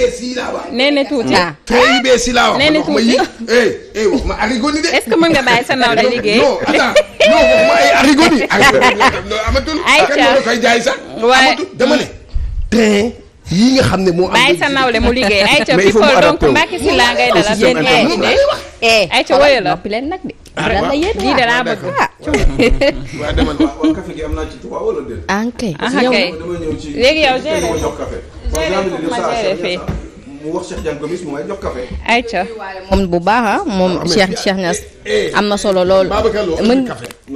bees yi laa wax. nee na tuuti ah train yu bees yi laa wax. nee na tuuti eh eh waxuma arigoni de. est-ce que mën nga bàyyi sa nawle liggéey. non attends non waxuma ah, yi nga xam ne moo. am bàyyi sa nawle mu liggéey. ay ca people donc Mbacké Sylla ngay dalal yéen ñaar de. ay ca woyo la noppi leen nag de. lan la yéen ah kay léegi yow géré mu wax Cheikh Diagne mu may jox café. ayca moom bu baax ah moom Cheikh na solo lool.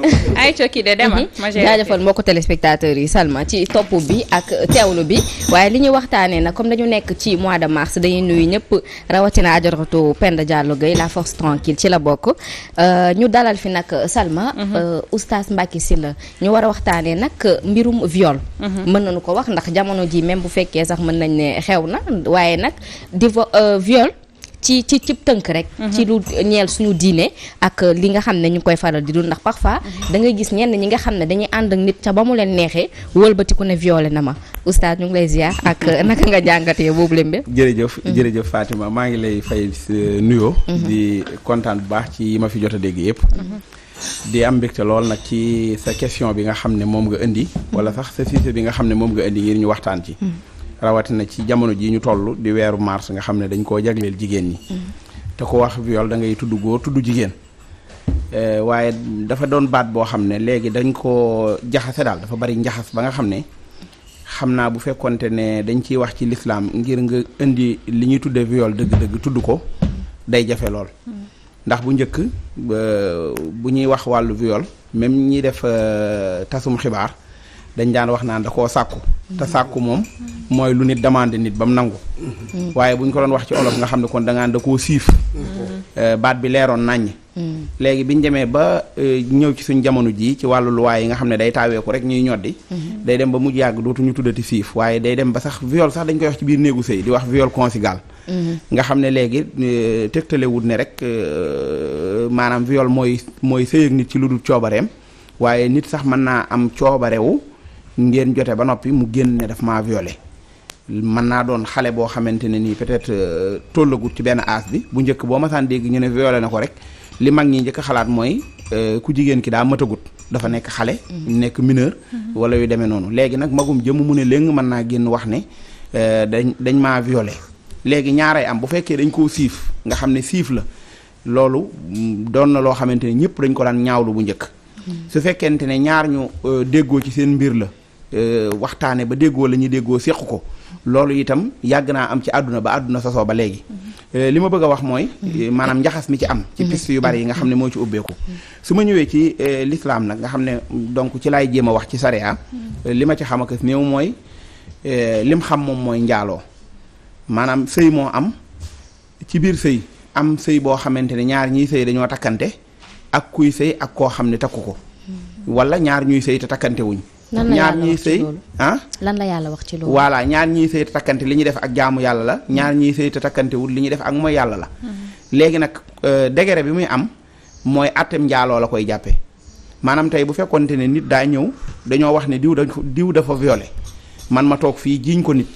ay cokki de demal mhm. ma jaajëfal mbokku téléspectateurs yi Salma ci topp bi ak teewlu bi waaye li ñuy waxtaanee nag comme dañu nekk ci mois de mars dañuy nuyu ñëpp rawatina ajaratu Penda Diallo Gueye la force tranquille ci la bokk euh, ñu dalal fi nag Salma mhm. euh, oustaz Mbacké Sylla ñu war a waxtaanee nag mbirum viol mhm. mën nañu ko wax ndax jamono ji même bu fekkee sax mën nañ ne xew na waaye nag di euh, viol ci ci cib tënk rek. Mhm. ci lu ñeel suñu diine ak euh, li nga xam ne ñu koy faral di dund ndax parfois. Mhm. da ngay gis ñenn ñi nga xam ne dañuy ànd ak nit ca ba mu leen neexee wëlbatiku ne violé na ma oustaz ñu ngi lay ziar ak euh, naka nga jàngatee boobu lembe. jërëjëf mhm. jërëjëf Fatima maa ngi lay fay nuyoo. di kontaan bu baax ci ma fi jot a dégg yëpp. di am mbégte lool nag ci sa question bi nga xam ne moom nga indi. wala sax sa sujet bi nga xam ne moom nga indi ngir ñu waxtaan ci. rawatina ci jamono ji ñu toll di weeru mars nga xam ne dañ koo jagleel jigéen ñi mm-hmm. te ko wax viol dangay tudd góor tudd jigéen eh, waaye dafa doon baat boo xam ne léegi dañ koo jaxase daal dafa bari njaxas ba nga xam ne xam naa bu fekkonte ne dañ ciy wax ci lislaam ngir nga indi li ñuy tuddee viol dëgg-dëgg tudd ko day jafe lool mm-hmm. ndax bu njëkk bu ñuy wax wàllu viol même ñi def eh, tasum xibaar dañ daan wax naan da koo sàkku te sàkku moom mooy lu nit demandé nit ba mu nangu waaye bu ñu ko doon wax ci olof nga xam ne kon da ngaan da koo siif euh, baat bi leeroon naññ léegi biñ demee ba euh, ñëw ci suñu jamono jii ci wàllu luwaay yi nga xam ne day taaweeku rek ñuy ñoddi day dem ba mu yàgg dootuñu tuddati siif waaye day dem ba sax viol sax dañ koy wax ci biir néegu sëy di wax viol conjugal nga xam ne léegi euh, tegtalewut ne rek maanaam viol mooy mooy sëy nit ci lu dul coobareem waaye nit sax mën naa am coobarewu ngeen jote ba noppi mu génn ne daf maa violé mën naa doon xale boo xamante ne nii peut-être euh, tollagut ci benn aas bi bu njëkk boo masaan dégg ñu ne violé na ko rek li mag ñi njëkk xalaat mooy euh, ku jigéen ki daa matagut dafa nekk xale mhm. nekk mineur mhm. wala yu demee noonu léegi nag magum jëmm mu ne léegi mën naa génn wax ne euh, dañ dañ maa viole léegi ñaaray am bu fekkee dañ koo siif nga xam ne siif la loolu mm, doon na loo xamante ne ñëpp dañ ko daan ñaawlu bu njëkk mhm. su fekkente ne ñaar déggoo ci seen mbir la Euh, waxtaane ba déggoo la ñuy déggoo séq ko loolu itam yàgg naa am ci àdduna ba àdduna sosoo ba léegi euh, li ma bëgg a wax mooy euh, maanaam njaxas mi ci am ci piste yu bari yi nga xam ne moo ci ubbeeku su ma ñëwee ci lislaam nag nga xam ne donc ci laay jéem a wax ci sariya li ma ci xam ak néew mooy lim xam moom mooy njaaloo maanaam sëy moo am ci biir sëy am sëy boo xamante ne ñaar ñiy sëy dañoo takkante ak kuy sëy ak koo xam ne takku ko wala ñaar ñuy sëy te Ah? ñaar ñiy sëy ah lan la wax ci loolu ñaar ñiy sëy takkante li ñuy def ak jaamu yàlla la hmm. ñaar ñiy sëy te takkante wul li ñuy def ak moy yàlla la hmm. léegi nag euh, degere bi muy am mooy attem njaaloo la koy jàppe maanaam tey bu fekkonte ne nit daa ñëw dañoo wax ne diw da diw dafa violé man ma toog fii jiiñ ko nit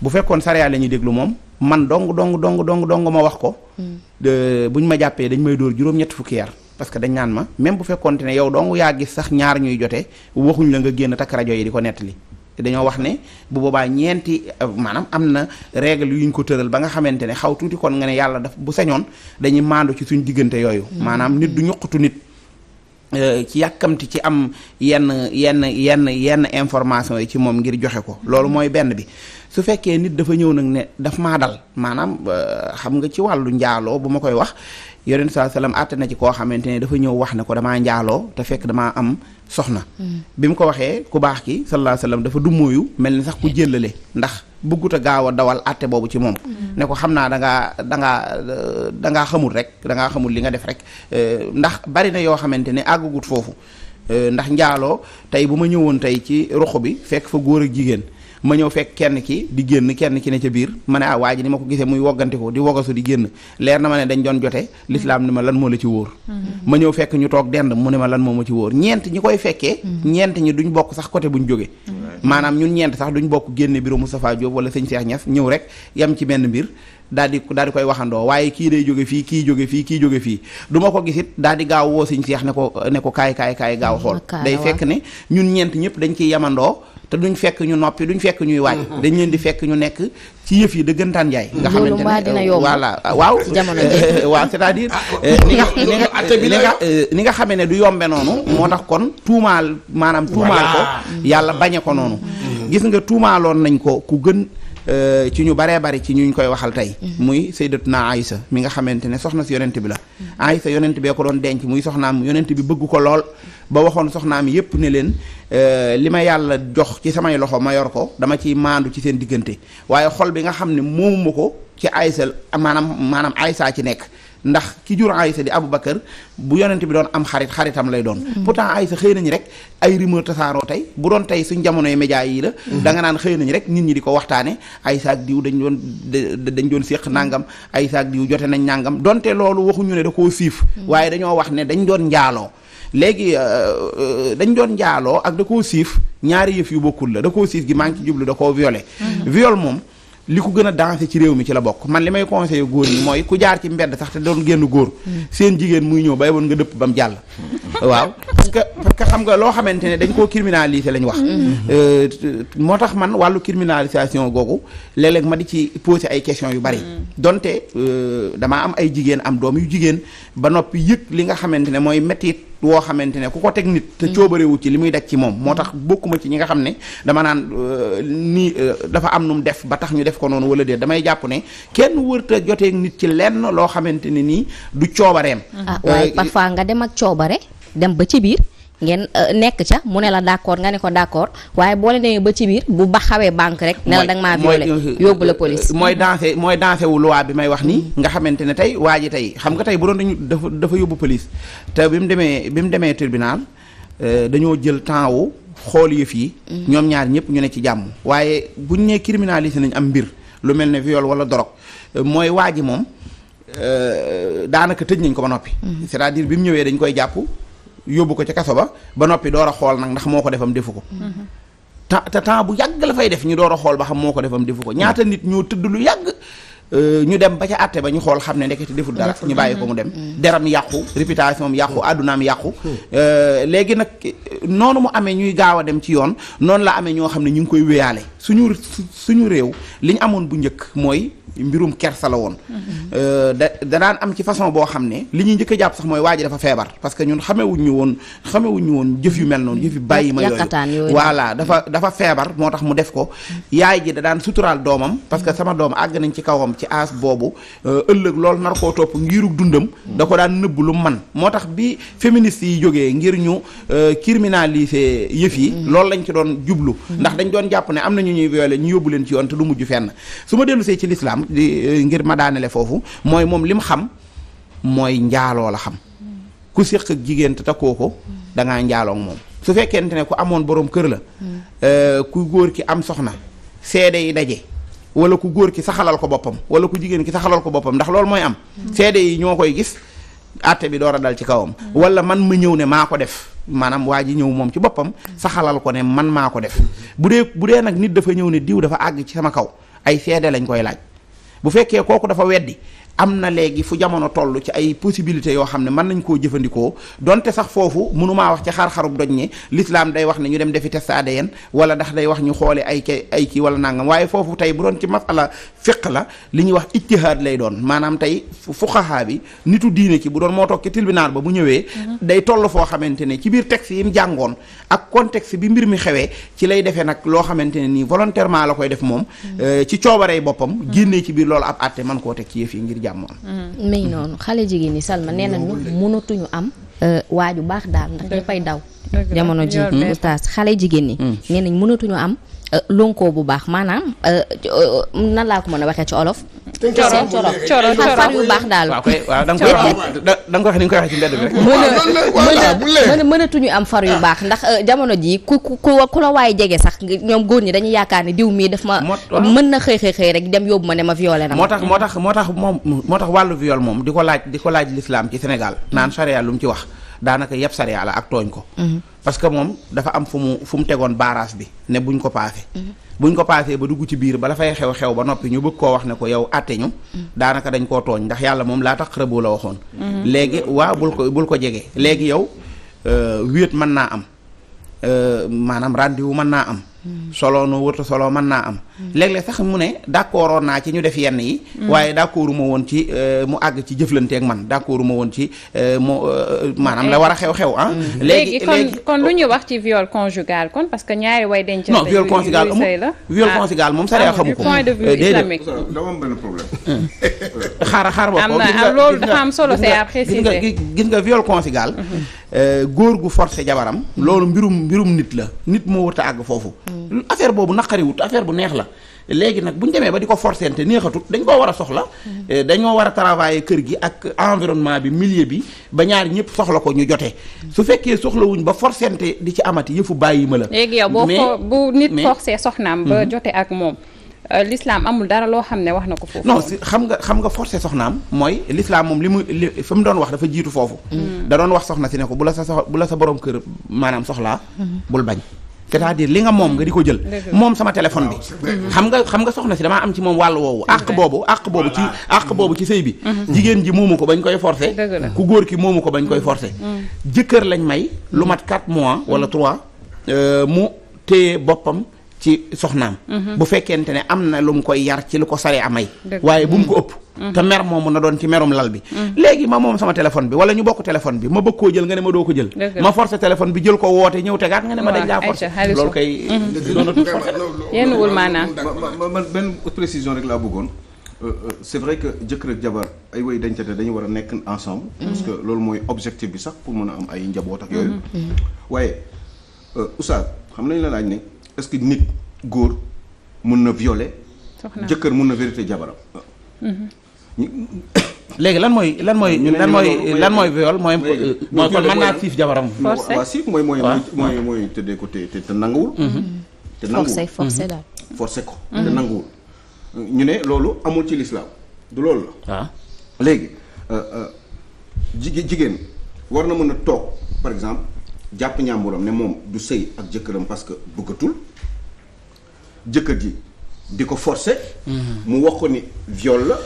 bu fekkoon sariya la déglu moom man dong dong dong dong dong ma wax ko hmm. buñ ma jàppee dañ may dóor juróom-ñetti fukki yar parce que dañ naan ma même bu fekkoonte ne yow dong yaa gis sax ñaar ñuy jotee waxuñu la nga génn takk rajo yi di ko nettali te dañoo wax ne bu boobaa ñeenti euh, maanaam am na règle yuñ ko tëral ba nga xamante ne xaw tuuti kon nga ne yàlla daf bu señoon dañuy maandu ci suñ diggante yooyu hmm. maanaam nit du ñuqutu nit euh, ci yàkkamti ci am yenn yenn yenn yenn information yi ci moom ngir joxe ko loolu hmm. mooy benn bi su fekkee nit dafa ñëw nag ne daf maa dal maanaam euh, xam nga ci wàllu njaaloo bu ma koy wax yonent saa salaam àtte na ci koo xamante ne dafa ñëw wax ne ko damaa njaaloo te damaa am soxna. Mm. bi ko waxee ku baax ki sallallahu alayhi dafa dummóoyu mel ni sax ku jëllale ndax bëggut a gaaw a dawal àtte boobu ci moom. Mm. ne ko xam naa da ngaa da ngaa euh, xamul rek da xamul li nga def rek euh, ndax bari na yoo xamante ne àggagut foofu ndax njaaloo tey bu ma ñëwoon tey ci ruq bi fekk fa góor ak jigéen. ma ñëw fekk kenn ki di génn kenn ki ne ca biir ma ne ah waa ji ni ma ko gisee muy woggantiku di wogasu di génn leer na ma ne dañ doon jote lislaam ni ma lan moo la ci wóor mm-hmm. ma ñëw fekk ñu toog dend mu ne ma lan moo ma ci wóor ñeent ñi koy fekkee mm-hmm. ñeent ñi duñ bokk sax côté buñ jógee maanaam ñun ñeent sax duñ bokk génne bureau Moustapha Diop wala sëñ Cheikh Niass ñëw rek yam ci benn mbir daal di daal di koy waxandoo waaye kii day jóge fii kii jóge fii kii jóge fii du ma ko gisit daal di gaaw woo sëñ Cheikh ne ko ne ko kaay kaay kaay gaaw xool day fekk ne ñun ñeent ñëpp dañ ciy yamandoo te du ñu fekk ñu noppi ñu fekk ñuy waaj mm-hmm. dañ leen di fekk ñu nekk ci yëf yi dëggantaan yaay mm-hmm. nga xamante ne voilà waaw jamono waaw c'est-à-dire ah, euh, ni nga ni nga euh, nga xamee ne du yombe noonu mm-hmm. moo tax kon tuumaal maanaam tuumaal ko yàlla bañe ko noonu gis nga tuumaaloon nañ ko ku gën Euh, ci ñu baree bari ci ñuñ koy waxal tey mm-hmm. muy sayyidatuna Aïsa mi nga xamante ne soxna si yonent bi la mm-hmm. Aïsa yonent bee ko doon denc muy soxnaam yonent bi bëgg ko lool ba waxoon soxnaam yépp ne leen euh, li ma yàlla jox ci samay loxo ma yor ko dama ci maandu ci seen diggante waaye xol bi nga xam ne moomuma ko ci Aïsa maanaam maanaam Aïsa ci nekk ndax ki jur Aysa di Abubakar bu yonent bi doon am xarit xaritam lay doon mm-hmm. pourtant Aysa xëy nañu rek ay rumeur tasaaroo tey bu doon tey suñ jamonoy média yi la mm-hmm. da nga naan xëy nañu rek nit ñi di ko waxtaane Aysa ak diw dañ doon dañ doon séq nàngam Aysa ak diw jote nañ nàngam donte loolu waxuñu ne da koo siif mm-hmm. waaye dañoo wax ne dañ doon njaaloo léegi euh, euh, dañ doon njaaloo ak da koo siif ñaari yëf yu bokkul la da koo siif gi maa ngi ci jublu da koo violé viol moom li ko gën a dansé ci réew mi ci la bokk man li may conseillé góor yi mooy ku jaar ci mbedd sax te doon génn góor seen jigéen muy ñëw bay woon nga dëpp ba jàll waaw parce que xam nga loo xamante ne dañ koo criminaliser lañ wax euh, moo tax man wàllu criminalisation googu léeg-léeg ma di ci poser ay question yu bari donte euh, damaa am ay jigéen am doom yu jigéen ba noppi yëg li nga xamante ne mooy mettit woo xamante ne ku ko teg nit te mm. coobarewu ci li muy daj ci moom moo tax bokkuma ci ñi nga xam ne dama naan euh, ni euh, dafa am nu mu def ba tax ñu def ko noonu wala déet damay jàpp ne kenn wërta joteeg nit ci lenn loo xamante ne nii du coobareem mm-hmm. ah euh, waaye parfois nga dem ak coobare dem ba ci biir ngeen euh, nekk ca mu ne la d'accord nga ne ko d'accord waaye boo leen demee ba ci biir bu xawee banque rek. ne la danga maa violé euh, yóbbu la euh, police. mooy dansé mooy dansé wu loi bi may wax nii. Mm-hmm. nga xamante ne tey waa ji tey xam nga tey bu doon dañu dafa dafa yóbbu police te bi mu demee bi mu demee dañoo jël temps wu xool yëf yi. Mm-hmm. ñoom ñaar ñëpp ñu ne ci jàmm. waaye buñ nee criminalisé nañ am mbir lu mel ne viol wala dorog mooy waa ji moom daanaka tëj nañ ko ba noppi. Mm-hmm. c'est-à-dire bi mu ñëwee dañ koy jàpp. yóbbu ko ca kaso ba ba noppi door xool nag ndax moo ko defam defu ko te temps bu yàgg la fay def ñu door a xool ba xam moo ko defam defu ko ñaata nit ñoo tëdd lu yàgg euh, ñu dem ba ca àtte ba ñu xool xam ne ndekete deful dara ñu bàyyi ko mu dem deram yàqu réputation am yàqu àddunaam yàqu euh, léegi nag noonu mu amee ñuy gaaw a dem ci yoon noonu la amee ñoo xam ne ñu ngi koy wéyaale su suñu réew li ñu amoon bu njëkk mooy mbirum kersa la woon euh, da danaan am ci façon boo xam ne li ñuy njëkk jàpp sax mooy waa ji dafa feebar parce que ñun xamewuñu woon xamewuñu woon jëf yu mel noonu jëf yu bàyyi ma yooyu voilà dafa dafa feebar moo tax mu def ko yaay ji da daan suturaal doomam parce que sama doom àgg nañ ci kawam ci aas boobu euh, ëllëg loolu nar koo topp ngiruk dundam da ko daan nëbb lu man moo tax bi féministes yi jógee ngir ñu euh, criminaliser yëf yi loolu lañ ci doon jublu ndax dañ doon jàpp ne am na ñu ñuy violé yóbbu leen ci yoon te mujj fenn su ma dellusee ci lislaam di eh, ngir ma daanele foofu mooy moom li lim xam mooy njaaloo la xam ku séq ak jigéen te takkoo ko da njaaloo moom su fekkente ne ku amoon boroom kër la eh, ku góor ki am soxna seede yi daje wala ku góor ki saxalal ko boppam wala ku jigéen ki saxalal ko boppam ndax loolu mooy am seede yi ñoo koy gis àtte bi door a dal ci kawam wala man ma ñëw ne maa ko def maanaam waa ji ñëw moom ci boppam saxalal ko ne man maa ko def bu dee bu dee nag nit dafa ñëw ne diw dafa àgg ci sama kaw ay seede lañ koy laaj bu fekkee kooku dafa weddi am na léegi fu jamono toll ci ay possibilité yoo xam ne mën nañ koo jëfandikoo donte sax foofu mënumaa wax ci xar-xarub doj ni l'islam day wax ne ñu dem defi test ADN wala ndax day wax ñu xoole ay kay ay kii wala nangam waaye foofu tey bu doon ci masala fiq la li ñuy wax ijtihaad lay doon maanaam tey fuqahaa bi nitu diine ci bu doon moo toog ci tribunal ba mu ñëwee mhm. day toll foo xamante ne ci biir texte yi mu jàngoon ak contexte bi mbir mi xewee ci lay defee nag loo xamante ne nii volontairement la koy def moom mhm. euh, ci coobaree boppam mhm. génnee ci biir loolu ab àtte mën koo teg ci yëf yi ngir jàmm am. Mm-hmm. mais noonu xale jigéen ñi Salma nee nañu mënatuñu am. Euh, waaju baax daal ndax ñëppay daw. jamono ji oustaz xale jigéen ñi. Mm. nee nañ mënatuñu am. lonko bu baax maanaam euh, nan laa ko mën a waxee ci olof. coro coro coro far yu baax daal. da nga ko wax ni nga ci mbedd bi rek. mën am far yu ah. baax ndax euh, jamono jii ku ku ku la waaye jege sax ñoom góor ñi dañuy yaakaar ne diw mii daf ma. mën na xëy xëy xëy rek dem yóbbu ma ne ma violé na moo tax moo tax moo tax moom moo tax wàllu viol moom di ko laaj di ko laaj l'islam ci Sénégal naan charia lu mu ci wax. daanaka yeb sariya la ak tooñ ko mhm. parce que moom dafa am fu mu fu mu tegoon baaraas bi ne buñ ko paase mhm. buñ ko paasee ba dugg ci biir bala fay xew xew ba noppi ñu bëgg koo wax ne ko yow àtte ñu mhm. daanaka dañ koo tooñ ndax yàlla moom laa tax xërëboo la waxoon léegi waaw bul ko bul ko jege léegi yow euh, wéet mën naa am euh, maanaam rendez-vous mën naa am solo noo wërta solo mën naa am léeg-léeg sax mu ne d'accordoon naa ci ñu def yenn yi mm. waaye d'accorduma woon ci euh, mu àgg ci jëflanteek man d'accorduma woon ci euh, mu euh, maanaam la war a xew-xew ah mm. léegi kon lu oh. ñuy wax ci viol conjugal kon parce que ñaari way denc non viol conjugal amul viol ah. conjugal moom sariya ah, xamu ko point de vue islamique dama am xaar xaar ba am am solo c'est à préciser gis nga viol conjugal mhm. góor gu forcé jabaram mhm. loolu mbirum mbirum nit la nit moo wërta àgg foofu affaire boobu naqariwut affaire bu neex la léegi nag bu ñu demee ba di ko forcer te neexatut dañ koo war a soxla mm-hmm. eh, dañoo war a travailler kër gi ak environnement bi millier bi ba ñaar ñëpp soxla ko ñu jotee mm-hmm. su fekkee soxlawuñ ba forcer di ci amati yëfu bàyyi ma la léegi yow boo bu nit forcer soxnaam ba mm-hmm. jote ak moom euh, l'islam amul dara loo xam ne wax na ko foofu non xam nga xam nga forcé soxnaam mooy l'islam moom li mu li fa mu doon wax dafa jiitu foofu da wax soxna si ne ko bu sa sox bu sa borom kër maanaam soxlaa cest à li nga moom nga di ko jël moom sama téléphone bi xam nga xam nga soxna si damaa am ci moom wàll woowu àq boobu àq boobu ci àq boobu ci sëy bi mm-hmm. jigéen ji moomu ko bañ koy forcé ku góor ki moomu ko bañ koy mm-hmm. forcé mm-hmm. jëkkër lañ may lu mat 4 mois wala 3 euh, mu téye boppam ci soxnaam. Mhm. bu fekkente ne am na lu mu koy yar ci lu ko saree amay. waaye bu mu ko ëpp. Mhm. te mer moomu a doon ci merum lal bi. Mhm. léegi ma moom sama téléphone bi wala ñu bokk téléphone bi ma bëgg koo jël nga ne ma doo ko jël. ma forcé téléphone bi jël ko woote ñëw tegaat nga ne ma dañ laa forcé loolu kay. yenn wul maanaam. ma man benn précision laa bëggoon. Euh, euh, c'est vrai que jëkkër ak jabar ay way dencante dañu war a nekk ensemble. parce que loolu mooy objectif bi sax pour mën a am ay njaboot ak yooyu. waaye euh, Oustaz xam nañ la a est-ce que nit góor mun na violer. jëkkër mun na vérité jabaram. Mm-hmm. léegi lan mooy lan mooy. lan mooy lan mooy viol mooy. mooy kon mën naa siif jabaram. forcé waaw mooy mooy mooy mooy tëddee ko te te nanguwul. Mm-hmm. te nanguwul forcé forcé mm-hmm. ko te nanguwul. ñu ne loolu amul ci lislaam du loolu la. waaw ah. léegi euh, euh, jigéen jigéen war na mën a toog par exemple. jàpp ñàmburam ne moom du sëy ak jëkkëram parce que bëggatul jëkkër ji di ko forcer. mu wax ko ni viol la.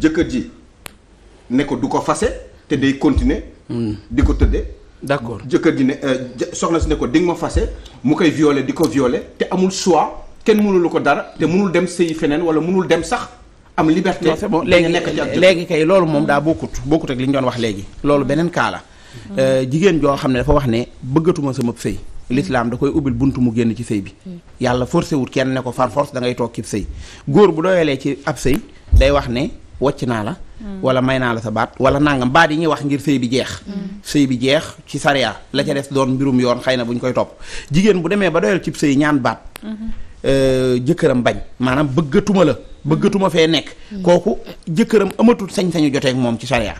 jëkkër ji ne ko du ko fase te day continuer. di ko tëddee. d'accord jëkkër ji ne euh, soxna si ne ko di nga ma fase mu koy violer di ko violer te amul choix kenn mënulu ko dara te mënul dem sëyi feneen wala mënul dem sax. am liberté. nekk léegi léegi kay loolu moom daa bokkut bokkut ak li ñu doon wax léegi. loolu beneen cas Euh, jigéen joo xam ne dafa wax ne bëggatuma sama sëy l'islam da koy ubbil bunt mu génn ci sëy bi yàlla forcé wut kenn ne ko far force da ngay toog ci sëy góor bu doyalee ci ab sëy day wax ne wocc naa la mm. wala may naa la sa baat wala nangam baat yi ñuy wax ngir sëy bi jeex mm. sëy bi jeex ci sariya la ca des doon mbirum yoon xëy na bu ñu koy topp jigéen bu demee ba doyal ci sëy ñaan baat mm-hmm. euh, jëkkëram bañ maanaam bëggatuma la mm. bëggatuma fee nekk kooku jëkkëram amatu sañ-sañu joteek moom ci sariya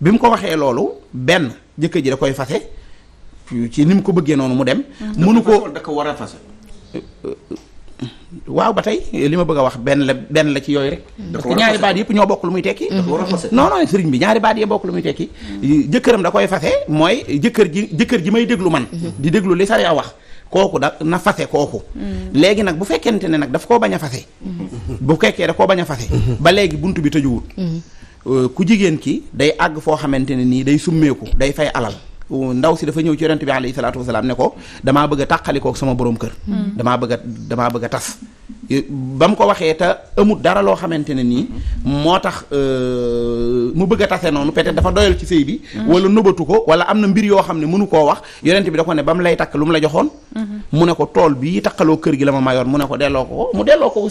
bi mu ko waxee loolu benn jëkkër ji da koy fase ci ni mu ko bëggee noonu mu dem. mënu ko da ko war a fase euh, euh, euh, waaw ba tey li ma bëgg a wax benn la benn la ci yooyu rek. parce que ñaari baat yëpp ñoo bokk lu muy tekki. non non sëriñ bi ñaari baat yee bokk lu muy tekki. Mm. jëkkëram da koy fase mooy jëkkër ji jëkkër ji may déglu man. Mm-hmm. di déglu li a wax. kooku da na fase kooku. Mm. léegi nag bu fekkente ne nag daf koo bañ a fase. Mm-hmm. bu fekkee da koo bañ a fase. Mm-hmm. ba léegi bunt bi tëjuwul. Euh, ku jigéen ki day àgg foo xamante ne nii day summeeku day fay alal euh, ndaw si dafa ñëw ci yonent bi alayhi ne ko damaa bëgg a tàqalikook sama borom kër hmm. damaa bëgg a damaa bëgg a tas ba mu ko waxee te amut dara loo xamante ne nii moo tax euh, mu bëgg a tase noonu peut-être dafa doyal ci sëy bi hmm. wala nëbatu ko wala am na mbir yoo xam ne mënu koo wax yonent bi da ko ne ba mu lay takk lu mu la joxoon hmm. mu ne ko tool bii taqaloo kër gi la ma mayoon mu ne ko delloo ko ko mu delloo ko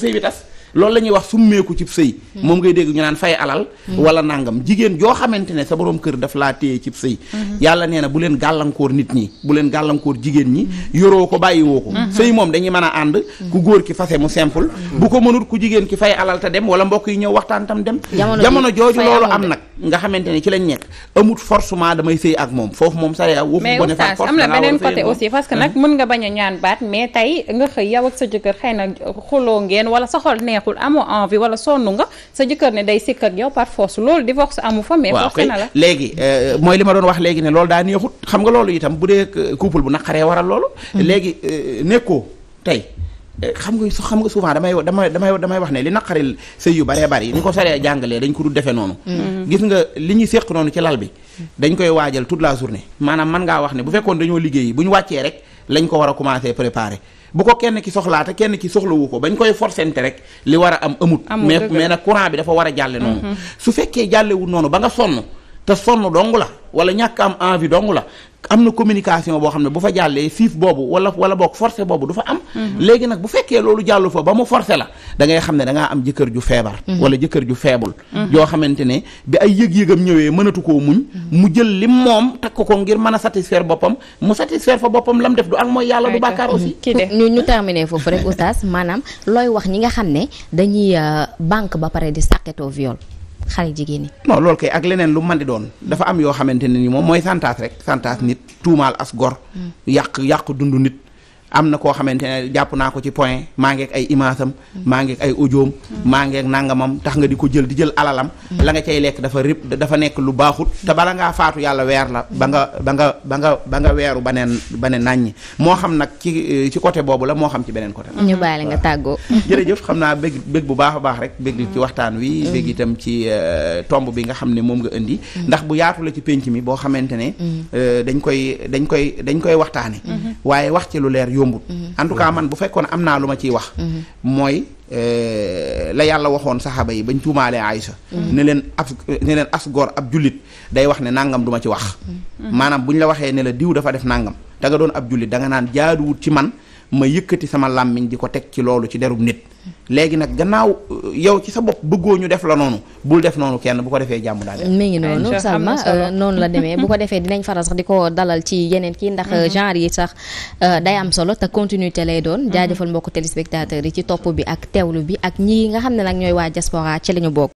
lool la ñuy wax summeeku cib sëy hmm. moom ngay dégg ñu naan fay alal hmm. wala nangam jigéen joo xamante ne sa boroom kër daf laa téye cib sëy hmm. yàlla nee na bu leen gàllankoor nit ñi bu leen gàllankoor jigéen ñi yoroo ko bàyyiwoo ko sëy moom dañuy man a ànd ku góor ki fase mu simple bu ko mënut ku jigéen ki fay alal te dem wala mbokk yi ñëw waxtaan tam dem jamono jooju loolu am nag nga xamante ne ci lañ nekk amut forcément damay sëy ak moom foofu moom sarea parce que nag mën nga bañ a ñaan baat mais tey nga xëy yow ak sa xëy na xuloo neexul amoo envie wala sonn nga sa jëkkër ne day sikk ak yow par force loolu divorce amu fa. mais forcé na la léegi euh, mooy li ma doon wax léegi ne loolu daa neexut xam nga loolu itam bu dee euh, couple bu naqaree waral loolu. Mm-hmm. léegi euh, nekkoo tey. xam nga xam nga souvent damay damay wax ne li naqaril sëy yu baree yi ni ko saree lee dañ ko dul defee noonu mm-hmm. gis nga li ñuy séq noonu ci lal bi dañ koy waajal toute la journée maanaam man ngaa wax ne bu fekkoon dañoo liggéey bu ñu wàccee rek lañ ko war a commencer préparer bu ko kenn ki soxlaa kenn ki soxlawu ko bañ koy forcente rek li war a am amut mais mais nag courant bi dafa war a jàlle noonu mm-hmm. su fekkee jàllewul noonu ba nga sonn te sonn dong la wala ñàkk am envie dong la am na communication boo xam ne bu fa jàllee siif boobu wala wala boog forcé boobu du fa am mm-hmm. léegi nag bu fekkee loolu jàllu fa ba mu forcé la da ngay xam ne dangaa am jëkkër ju feebar mm-hmm. wala jëkkër ju feebul mm-hmm. yoo xamante ne bi ay yëg-yëgam ñëwee mënatu koo muñ mu jël lim moom takk ko ngir mën a satisfaire boppam mu satisfaire fa boppam lam def du ak mooy yàlla du bàkkaar aussi ñu ñu terminer foofu rek oustaz maanaam looy wax ñi nga xam ne dañuy euh, banque ba pare di sàkketoo viol xale jigéen ñi. non loolu kay ak leneen lu mën di doon dafa am yoo xamante ne moom mooy santaas rek santaas nit tuumaal as mm. yàq yàq dundu nit. am na koo xamante ne jàpp naa ko ci point maa ngeeg ay image am maa ngeeg ay audioom maa ngeeg nangamam tax nga di ko jël di jël alalam la nga cay lekk dafa rib dafa nekk lu baaxut te bala ngaa faatu yàlla weer la ba nga ba nga ba nga ba nga weeru baneen baneen nàññi moo xam nag ci ci côté boobu la moo xam ci beneen côté la ñu baale nga tàggoo jërëjëf xam naa bég bég bu baax a baax rek bég ci waxtaan wi mm. bég itam ci euh, tomb bi nga xam ne moom nga indi mm. ndax bu yaatu la ci pénc mi boo xamante ne mm. euh, dañ koy dañ koy dañ koy waxtaane mm-hmm. yombut. Mhm. en tout cas man bu fekkoon am naa lu ma ciy wax. Mhm. mooy eh, la yàlla waxoon saxaaba yi bañ tuumaalee Aysa ne leen ab ne leen as góor ab jullit day wax ne nangam du ma ci wax. Mhm. maanaam buñ la waxee ne la diw dafa def nangam da nga doon ab jullit da nga naan jaaduwut ci man. ma yëkkati sama làmmiñ di ko teg ci loolu ci derub nit léegi nag gannaaw euh, yow ci sa bopp bëggoo ñu def la noonu bul def noonu kenn bu ko defee jàmm daal mi ngi noonu Salma euh, noonu la demee bu ko defee dinañ faral sax di ko dalal ci yeneen kii ndax mhm. genre yi sax euh, day am solo te continuité lay doon mhm. jaajëfal mbokku téléspectateurs yi ci topp bi ak teewlu bi ak ñi nga xam ne nag ñooy waa diaspora ci la ñu bokk